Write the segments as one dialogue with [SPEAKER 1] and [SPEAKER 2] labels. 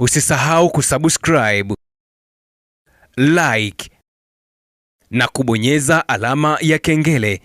[SPEAKER 1] Usisahau kusubscribe, like na kubonyeza alama ya kengele.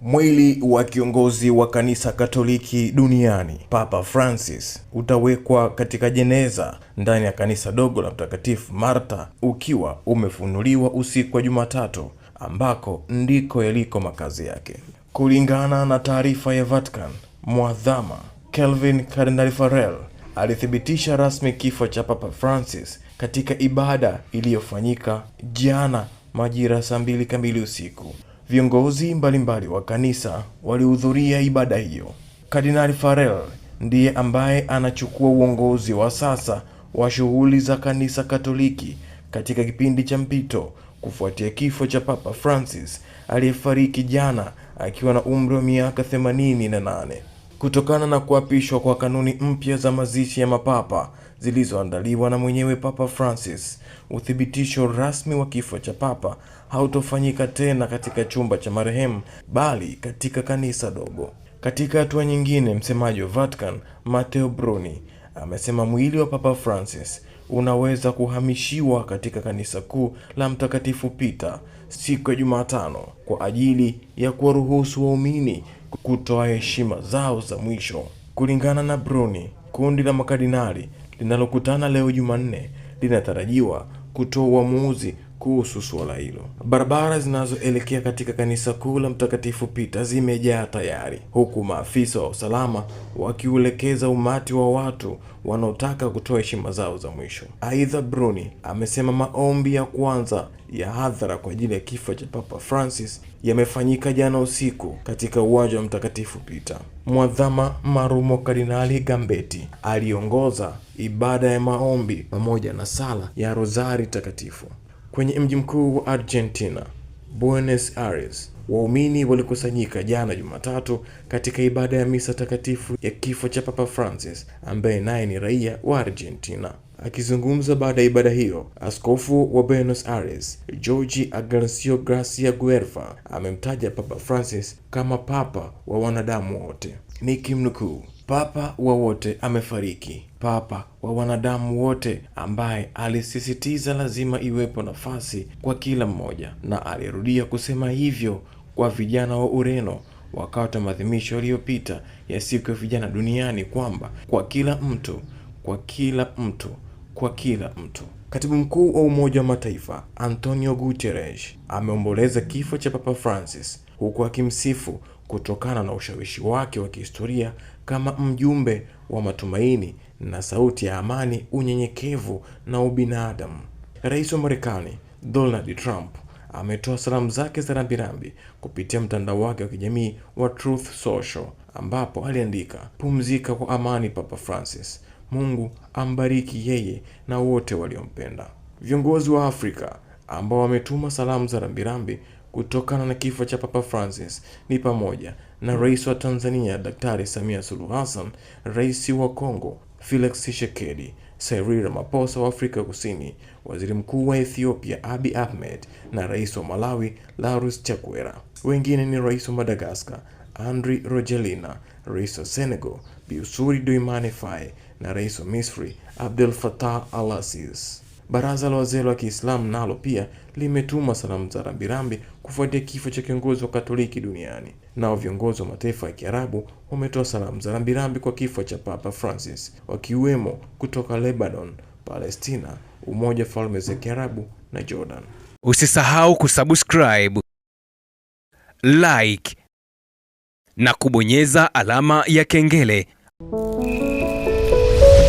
[SPEAKER 2] Mwili wa kiongozi wa kanisa Katoliki duniani Papa Francis utawekwa katika jeneza ndani ya kanisa dogo la Mtakatifu Marta ukiwa umefunuliwa usiku wa Jumatatu ambako ndiko yaliko makazi yake. Kulingana na taarifa ya Vatican, mwadhama Kelvin Kardinali Farrell alithibitisha rasmi kifo cha Papa Francis katika ibada iliyofanyika jana majira saa mbili kamili usiku. Viongozi mbalimbali wa kanisa walihudhuria ibada hiyo. Kardinali Farrell ndiye ambaye anachukua uongozi wa sasa wa shughuli za kanisa Katoliki katika kipindi cha mpito kufuatia kifo cha Papa Francis aliyefariki jana akiwa na umri wa miaka 88. Kutokana na kuapishwa kwa kanuni mpya za mazishi ya mapapa zilizoandaliwa na mwenyewe Papa Francis, uthibitisho rasmi wa kifo cha papa hautofanyika tena katika chumba cha marehemu bali katika kanisa dogo. Katika hatua nyingine, msemaji wa Vatican Matteo Bruni amesema mwili wa Papa Francis unaweza kuhamishiwa katika kanisa kuu la Mtakatifu Pita siku ya Jumatano kwa ajili ya kuwaruhusu waumini kutoa heshima zao za mwisho. Kulingana na Bruni, kundi la makardinali linalokutana leo Jumanne linatarajiwa kutoa uamuzi kuhusu suala hilo. Barabara zinazoelekea katika kanisa kuu la Mtakatifu Pita zimejaa tayari, huku maafisa wa usalama wakiuelekeza umati wa watu wanaotaka kutoa heshima zao za mwisho. Aidha, Bruni amesema maombi ya kwanza ya hadhara kwa ajili ya kifo cha Papa Francis yamefanyika jana usiku katika uwanja wa Mtakatifu Pita. Mwadhama Marumo Kardinali Gambeti aliongoza ibada ya maombi pamoja na sala ya rozari takatifu. Kwenye mji mkuu wa Argentina, Buenos Aires, waumini walikusanyika jana Jumatatu katika ibada ya misa takatifu ya kifo cha Papa Francis ambaye naye ni raia wa Argentina. Akizungumza baada ya ibada hiyo, askofu wa Buenos Aires Jorge Agnacio Gracia Guerva amemtaja Papa Francis kama papa wa wanadamu wote, nikimnukuu Papa wa wote amefariki, papa wa wanadamu wote, ambaye alisisitiza lazima iwepo nafasi kwa kila mmoja, na alirudia kusema hivyo kwa vijana wa Ureno wakati wa maadhimisho yaliyopita ya siku ya vijana duniani, kwamba kwa kila mtu, kwa kila mtu, kwa kila mtu. Katibu mkuu wa Umoja wa Mataifa Antonio guteres ameomboleza kifo cha Papa Francis huku akimsifu kutokana na ushawishi wake wa kihistoria kama mjumbe wa matumaini na sauti ya amani, unyenyekevu na ubinadamu. Rais wa Marekani Donald Trump ametoa salamu zake za rambirambi kupitia mtandao wake wa kijamii wa Truth Social, ambapo aliandika, pumzika kwa amani Papa Francis, Mungu ambariki yeye na wote waliompenda. Viongozi wa Afrika ambao wametuma salamu za rambirambi kutokana na kifo cha Papa Francis ni pamoja na Rais wa Tanzania Daktari Samia suluh Hassan, Rais wa Kongo Felix Tshisekedi, Cyril maposa wa Afrika Kusini, Waziri Mkuu wa Ethiopia abi Ahmed na Rais wa Malawi larus Chakwera. Wengine ni Rais wa Madagascar andri rogelina Rais wa Senegal biusuri Diomaye Faye na Rais wa Misri Abdel Fattah al Baraza la wazee wa Kiislamu nalo pia limetuma salamu za rambirambi kufuatia kifo cha kiongozi wa Katoliki duniani. Nao viongozi wa mataifa ya Kiarabu wametoa salamu za rambirambi kwa kifo cha Papa Francis, wakiwemo kutoka Lebanon, Palestina, Umoja wa Falme za Kiarabu na Jordan.
[SPEAKER 1] Usisahau kusubscribe, like na kubonyeza alama ya kengele